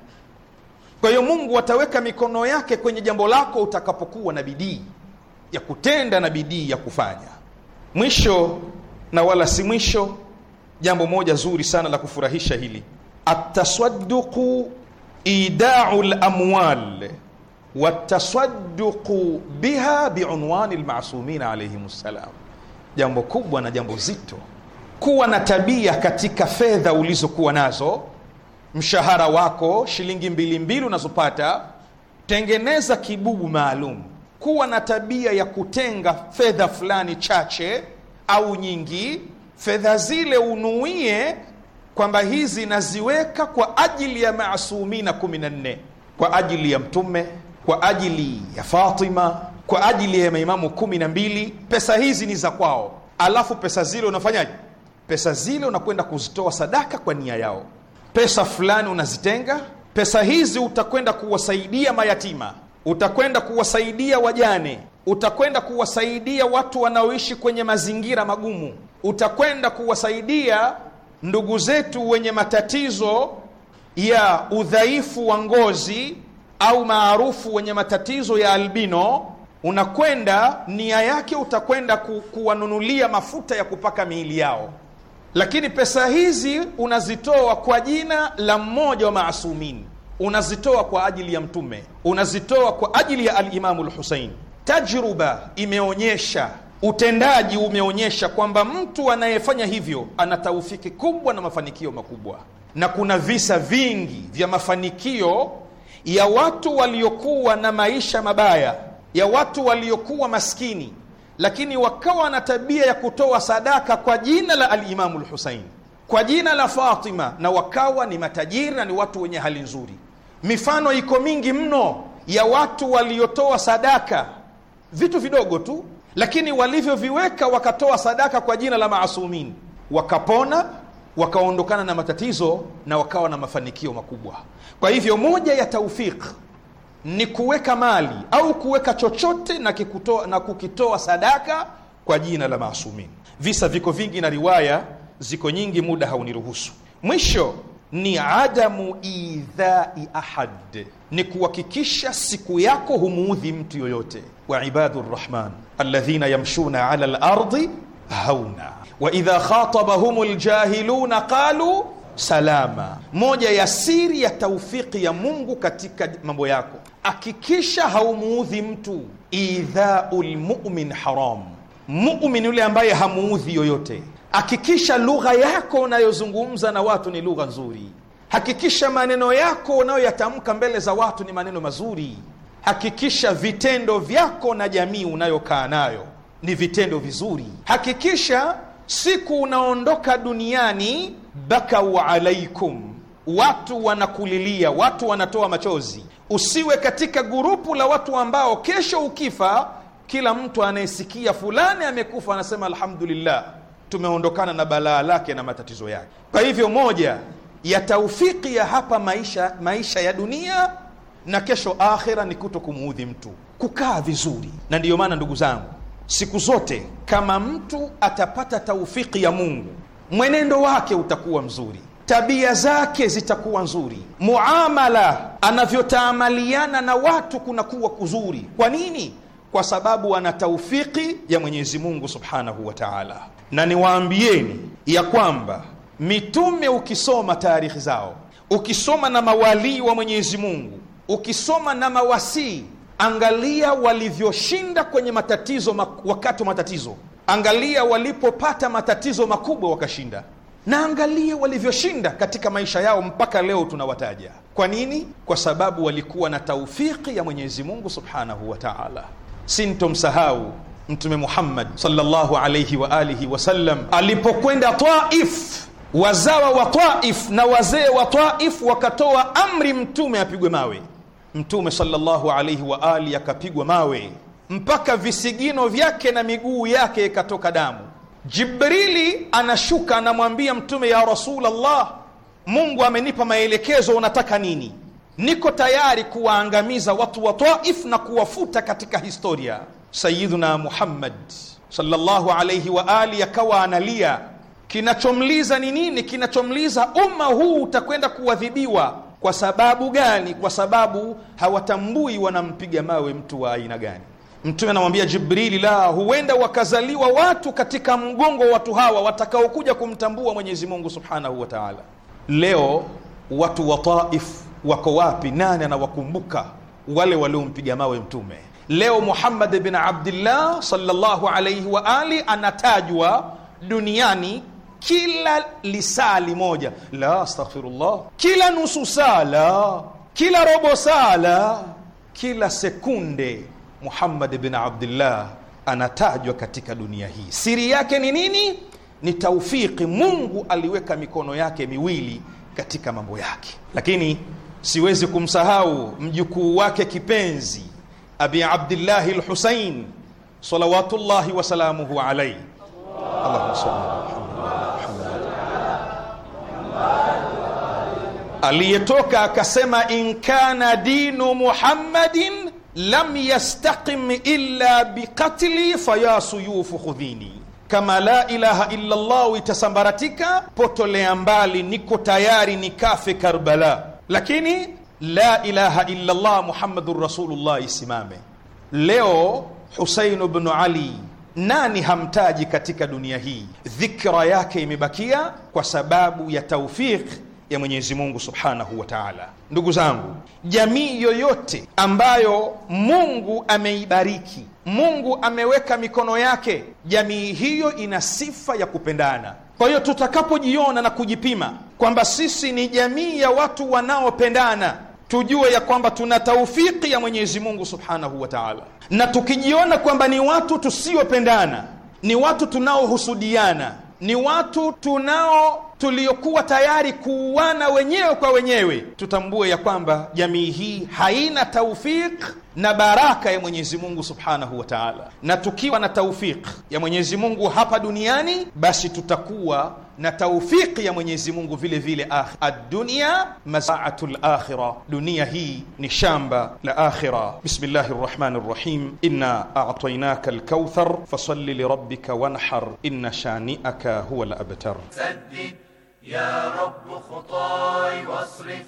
Kwa hiyo Mungu ataweka mikono yake kwenye jambo lako utakapokuwa na bidii ya kutenda na bidii ya kufanya. Mwisho na wala si mwisho, jambo moja zuri sana la kufurahisha hili, ataswaduku idau lamwal wataswaduku biha biunwani lmasumina alaihim ssalam jambo kubwa na jambo zito, kuwa na tabia katika fedha ulizokuwa nazo, mshahara wako shilingi mbili mbili unazopata, tengeneza kibubu maalum. Kuwa na tabia ya kutenga fedha fulani chache au nyingi, fedha zile unuie kwamba hizi naziweka kwa ajili ya maasumina kumi na nne, kwa ajili ya Mtume, kwa ajili ya Fatima kwa ajili ya maimamu kumi na mbili. Pesa hizi ni za kwao, alafu pesa zile unafanyaje? Pesa zile unakwenda kuzitoa sadaka kwa nia yao, pesa fulani unazitenga. Pesa hizi utakwenda kuwasaidia mayatima, utakwenda kuwasaidia wajane, utakwenda kuwasaidia watu wanaoishi kwenye mazingira magumu, utakwenda kuwasaidia ndugu zetu wenye matatizo ya udhaifu wa ngozi au maarufu wenye matatizo ya albino unakwenda nia yake, utakwenda ku, kuwanunulia mafuta ya kupaka miili yao, lakini pesa hizi unazitoa kwa jina la mmoja wa maasumin unazitoa kwa ajili ya Mtume, unazitoa kwa ajili ya Alimamu Lhusein. Tajruba imeonyesha utendaji umeonyesha kwamba mtu anayefanya hivyo ana taufiki kubwa na mafanikio makubwa, na kuna visa vingi vya mafanikio ya watu waliokuwa na maisha mabaya ya watu waliokuwa maskini, lakini wakawa na tabia ya kutoa sadaka kwa jina la Alimamu Lhusaini, kwa jina la Fatima, na wakawa ni matajiri na ni watu wenye hali nzuri. Mifano iko mingi mno ya watu waliotoa sadaka vitu vidogo tu, lakini walivyoviweka wakatoa sadaka kwa jina la maasumin, wakapona wakaondokana na matatizo na wakawa na mafanikio makubwa. Kwa hivyo moja ya taufiki ni kuweka mali au kuweka chochote na, kikutoa, na kukitoa sadaka kwa jina la maasumin. Visa viko vingi na riwaya ziko nyingi, muda hauniruhusu. Mwisho ni adamu idhai ahad, ni kuhakikisha siku yako humuudhi mtu yoyote. Wa ibadu rrahman alladhina yamshuna ala lardi hauna wa idha khatabahum ljahiluna qalu salama. Moja ya siri ya taufiki ya Mungu katika mambo yako, hakikisha haumuudhi mtu. Idhau lmumin haram, mumin yule ambaye hamuudhi yoyote. Hakikisha lugha yako unayozungumza na watu ni lugha nzuri. Hakikisha maneno yako unayoyatamka mbele za watu ni maneno mazuri. Hakikisha vitendo vyako na jamii unayokaa nayo ni vitendo vizuri. Hakikisha siku unaondoka duniani bakau alaikum, watu wanakulilia, watu wanatoa machozi. Usiwe katika gurupu la watu ambao kesho ukifa, kila mtu anayesikia fulani amekufa anasema alhamdulillah, tumeondokana na balaa lake na matatizo yake. Kwa hivyo moja ya taufiki ya hapa maisha, maisha ya dunia na kesho akhira ni kuto kumuudhi mtu, kukaa vizuri. Na ndiyo maana ndugu zangu, siku zote kama mtu atapata taufiki ya Mungu mwenendo wake utakuwa mzuri, tabia zake zitakuwa nzuri, muamala anavyotaamaliana na watu kunakuwa kuzuri. Kwa nini? Kwa sababu ana taufiki ya Mwenyezi Mungu subhanahu wa taala. Na niwaambieni ya kwamba mitume, ukisoma taarikhi zao, ukisoma na mawalii wa Mwenyezi Mungu, ukisoma na mawasii, angalia walivyoshinda kwenye matatizo, wakati wa matatizo Angalia walipopata matatizo makubwa wakashinda, na angalia walivyoshinda katika maisha yao mpaka leo tunawataja. Kwa nini? Kwa sababu walikuwa na taufiki ya Mwenyezi Mungu subhanahu wa taala. Sintomsahau Mtume Muhammad sallallahu alayhi wa alihi wasallam alipokwenda Taif, wazawa wa Taif na wazee wa Taif wakatoa amri Mtume apigwe mawe. Mtume sallallahu alayhi wa alihi akapigwa mawe mpaka visigino vyake na miguu yake ikatoka damu. Jibrili anashuka anamwambia Mtume, ya Rasulullah, Mungu amenipa maelekezo, unataka nini? Niko tayari kuwaangamiza watu wa Taif na kuwafuta katika historia. Sayyiduna Muhammad sallallahu alayhi wa ali akawa analia. Kinachomliza ni nini? Kinachomliza umma huu utakwenda kuadhibiwa. Kwa sababu gani? Kwa sababu hawatambui wanampiga mawe mtu wa aina gani. Mtume anamwambia Jibrili, la huenda wakazaliwa watu katika mgongo wa watu hawa watakaokuja kumtambua Mwenyezi Mungu subhanahu wa taala. Leo watu wa Taif wako wapi? Nani anawakumbuka wale waliompiga mawe Mtume? Leo Muhammad bin Abdillah sallallahu alaihi wa ali anatajwa duniani kila lisali moja, la astaghfirullah, kila nusu sala, kila robo sala, kila sekunde Muhammad bin Abdullah anatajwa katika dunia hii. Siri yake ni nini? Ni taufiki. Mungu aliweka mikono yake miwili katika mambo yake, lakini siwezi kumsahau mjukuu wake kipenzi Abi Abdillahi Lhusain salawatullahi wasalamuhu alaihi. aliyetoka akasema, in kana dinu Muhammadin lam yastaqim illa bikatli faya suyufu khudhini kama la ilaha illa llahu itasambaratika, potolea mbali, niko tayari ni kafe Karbala, lakini la ilaha illa llah muhammadun rasulullah isimame. Leo husein bnu Ali nani hamtaji katika dunia hii? Dhikra yake imebakia kwa sababu ya taufiq ya Mwenyezi Mungu subhanahu wa taala. Ndugu zangu, jamii yoyote ambayo Mungu ameibariki, Mungu ameweka mikono yake, jamii hiyo ina sifa ya kupendana. Kwa hiyo tutakapojiona na kujipima kwamba sisi ni jamii ya watu wanaopendana, tujue ya kwamba tuna taufiki ya Mwenyezi Mungu subhanahu wa taala, na tukijiona kwamba ni watu tusiopendana, ni watu tunaohusudiana ni watu tunao tuliokuwa tayari kuuana wenyewe kwa wenyewe, tutambue ya kwamba jamii hii haina taufik na baraka ya Mwenyezi Mungu Subhanahu wa Ta'ala, na tukiwa na taufik ya Mwenyezi Mungu hapa duniani, basi tutakuwa na taufiki ya Mwenyezi Mungu vile vile, ad mazaatu mazaatul akhira, dunia hii ni shamba la akhira. Bismillahir rahmanir rahim, inna a'tainaka al-kauthar fasalli li rabbika wanhar inna shani'aka huwa al-abtar. Saddid ya rabb khutai wasrif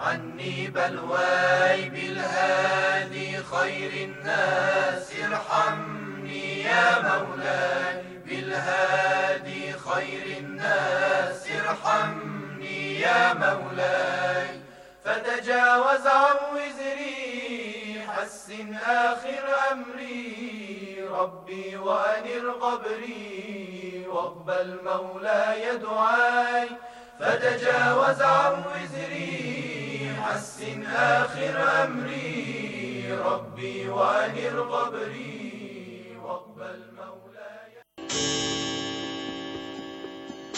anni balwai bilhadi khairin nas irhamni ya maulaya بالهادي خير الناس ارحمني يا مولاي فتجاوز عن وزري حسن آخر أمري ربي وأنر قبري واقبل مولاي دعاي فتجاوز عن وزري حسن آخر أمري ربي وأنر قبري واقبل مولاي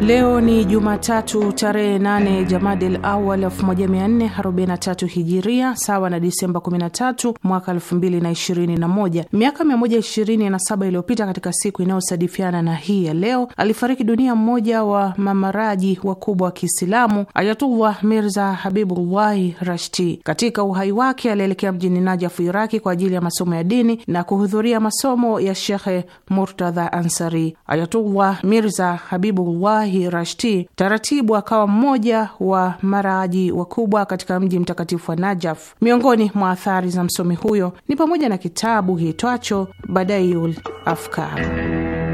Leo ni Jumatatu tarehe 8 Jamadil Awal 1443 Hijiria, sawa na Disemba 13 mwaka 2021. Miaka 127 iliyopita, katika siku inayosadifiana na hii ya leo, alifariki dunia mmoja wa mamaraji wakubwa wa Kiislamu, Ayatullah Mirza Habibullahi Rashti. Katika uhai wake alielekea mjini Najafu, Iraki, kwa ajili ya masomo ya dini na kuhudhuria masomo ya Shekhe Murtadha Ansari. Ayatullah Mirza Habibullahi Ruhullahi Rashti taratibu akawa mmoja wa maraji wakubwa katika mji mtakatifu wa Najaf. Miongoni mwa athari za msomi huyo ni pamoja na kitabu kiitwacho Badaiul Afkar.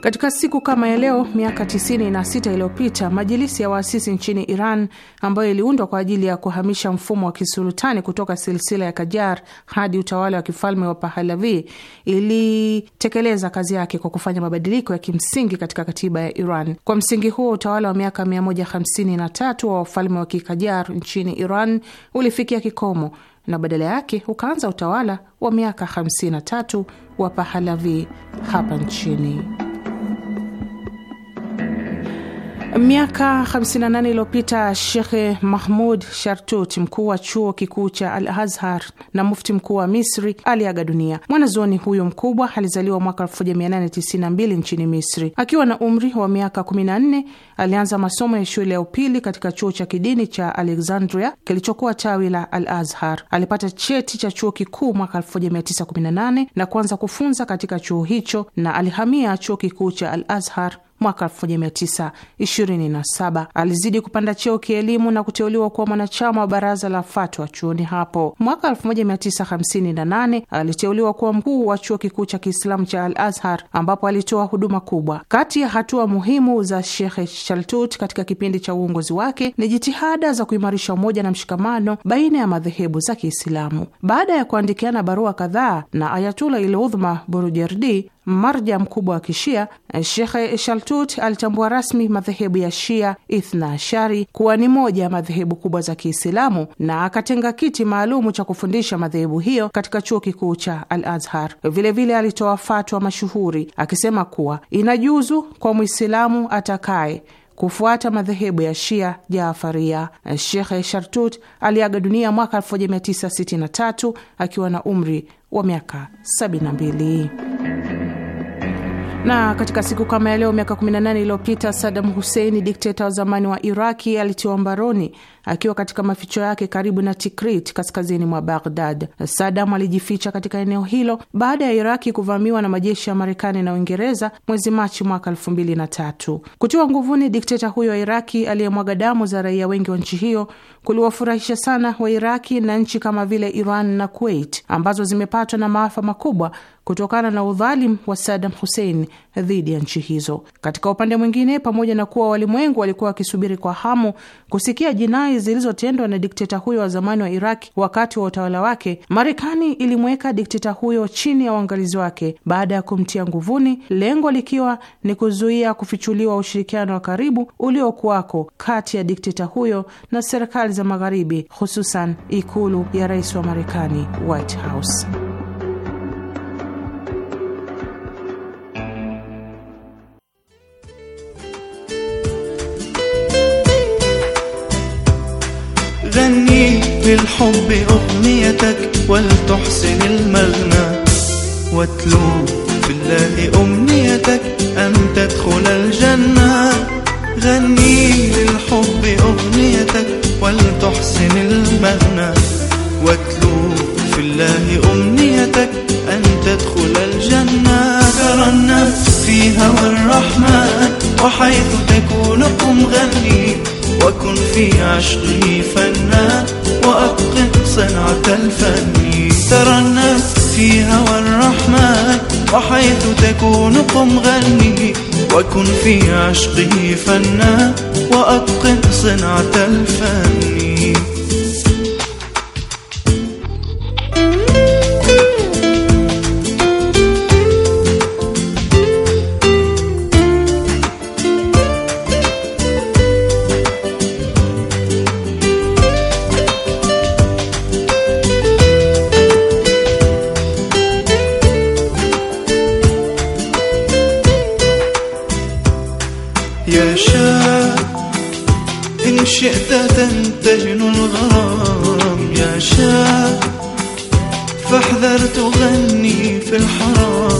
Katika siku kama ya leo miaka 96 iliyopita majilisi ya waasisi nchini Iran ambayo iliundwa kwa ajili ya kuhamisha mfumo wa kisultani kutoka silsila ya Kajar hadi utawala wa kifalme wa Pahalavi ilitekeleza kazi yake kwa kufanya mabadiliko ya kimsingi katika katiba ya Iran. Kwa msingi huo, utawala wa miaka 153 wa wafalme wa Kikajar nchini Iran ulifikia kikomo na badala yake ukaanza utawala wa miaka 53 wa Pahalavi hapa nchini. Miaka 58 iliyopita Shekhe Mahmud Shartut, mkuu wa chuo kikuu cha Al Azhar na mufti mkuu wa Misri, aliaga dunia. Mwanazuoni huyo mkubwa alizaliwa mwaka 1892 nchini Misri. Akiwa na umri wa miaka 14 alianza masomo ya shule ya upili katika chuo cha kidini cha Alexandria kilichokuwa tawi la Al Azhar. Alipata cheti cha chuo kikuu mwaka 1918 na kuanza kufunza katika chuo hicho, na alihamia chuo kikuu cha Al Azhar mwaka 1927. Alizidi kupanda cheo kielimu na kuteuliwa kuwa mwanachama wa baraza la fatwa chuoni hapo. Mwaka 1958 aliteuliwa kuwa mkuu wa chuo kikuu cha Kiislamu cha Al Azhar, ambapo alitoa huduma kubwa. Kati ya hatua muhimu za Shekhe Shaltut katika kipindi cha uongozi wake ni jitihada za kuimarisha umoja na mshikamano baina ya madhehebu za Kiislamu. Baada ya kuandikiana barua kadhaa na Ayatullah Iludhma Burujerdi marja mkubwa wa kishia, eh, Shekhe Shaltut alitambua rasmi madhehebu ya Shia Ithna Ashari kuwa ni moja ya madhehebu kubwa za Kiislamu na akatenga kiti maalumu cha kufundisha madhehebu hiyo katika chuo kikuu cha Al Azhar. Vilevile alitoa fatwa mashuhuri akisema kuwa inajuzu kwa Mwislamu atakaye kufuata madhehebu ya Shia Jaafaria. Eh, Shekhe Shartut aliaga dunia mwaka 1963 akiwa na umri wa miaka 72. Na katika siku kama ya leo miaka 18 iliyopita Sadam Hussein, dikteta wa zamani wa Iraki, alitiwa mbaroni akiwa katika maficho yake karibu na Tikrit kaskazini mwa Baghdad. Sadam alijificha katika eneo hilo baada ya Iraki kuvamiwa na majeshi ya Marekani na Uingereza mwezi Machi mwaka 2003. Kutiwa nguvuni dikteta huyo wa Iraki aliyemwaga damu za raia wengi wa nchi hiyo kuliwafurahisha sana Wairaki na nchi kama vile Iran na Kuwait ambazo zimepatwa na maafa makubwa kutokana na udhalim wa Saddam Hussein dhidi ya nchi hizo. Katika upande mwingine, pamoja na kuwa walimwengu walikuwa wakisubiri kwa hamu kusikia jinai zilizotendwa na dikteta huyo wa zamani wa Iraki wakati wa utawala wake, Marekani ilimweka dikteta huyo chini ya uangalizi wake baada ya kumtia nguvuni, lengo likiwa ni kuzuia kufichuliwa ushirikiano wa karibu uliokuwako kati ya dikteta huyo na serikali za Magharibi, hususan ikulu ya rais wa Marekani, White House. للحب أغنيتك ولتحسن المغنى واتلو في الله أمنيتك أن تدخل الجنة غني للحب أغنيتك ولتحسن المغنى واتلو في الله أمنيتك أن تدخل الجنة ترنم في هوى الرحمن وحيث تكون قم غني وكن في عشقه فنان وأتقن صنعة الفن ترى الناس في هوى الرحمن وحيث تكون قم غني وكن في عشقه فنا وأتقن صنعة الفن غني في الحرام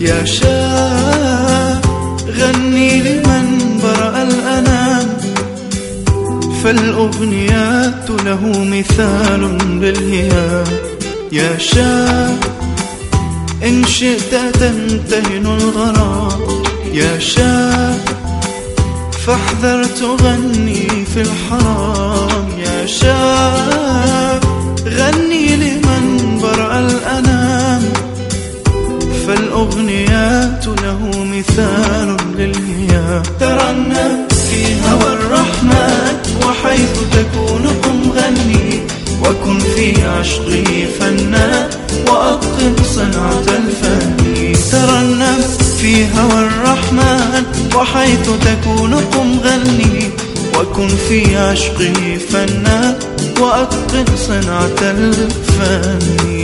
يا شاب غني لمن برأ الأنام فالأغنيات له مثال للهيام يا شاب إن شئت تمتهن الغرام يا شاب فاحذر تغني في الحرام يا شاب غني لمن برأ الأنام فالأغنيات له مثال للهيا ترنم في هوى الرحمن وحيث تكون قم غني وكن في عشقي فنا وأتقن صنعة الفن ترنم في هوى الرحمن وحيث تكون قم غني وكن في عشقي فنا وأتقن صنعة الفن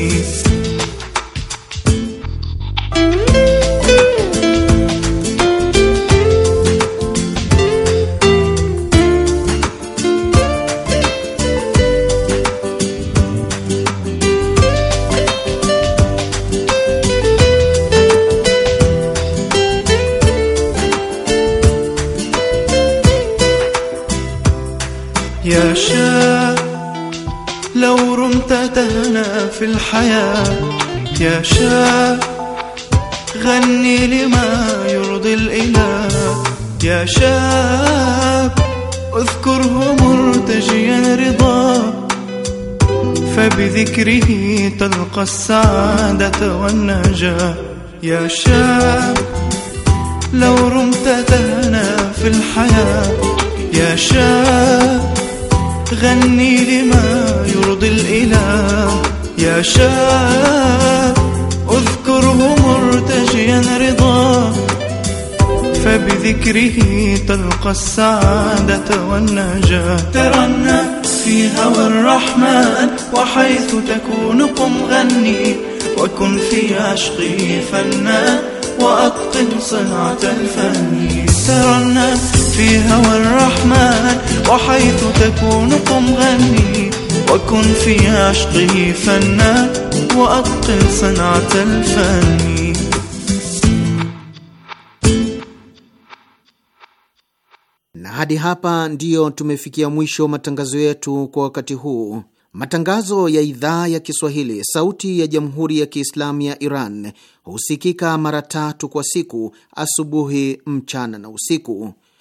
في الحياة يا شاب غني لما يرضي الإله يا شاب اذكره مرتجيا رضاه فبذكره تلقى السعادة والنجاة يا شاب لو رمت تهنا في الحياة يا شاب غني لما يرضي الإله يا شاب أذكره مرتجيا رضاه فبذكره تلقى السعادة والنجاة ترنى في هوى الرحمن وحيث تكون قم غني وكن في عشقه فنا وأتقن صنعة الفن ترنى في هوى الرحمن وحيث تكون قم غني وكن في عشقه فنان وأتقن صنعة الفن na hadi hapa ndiyo tumefikia mwisho matangazo yetu kwa wakati huu. Matangazo ya idhaa ya Kiswahili sauti ya jamhuri ya Kiislamu ya Iran husikika mara tatu kwa siku: asubuhi, mchana na usiku.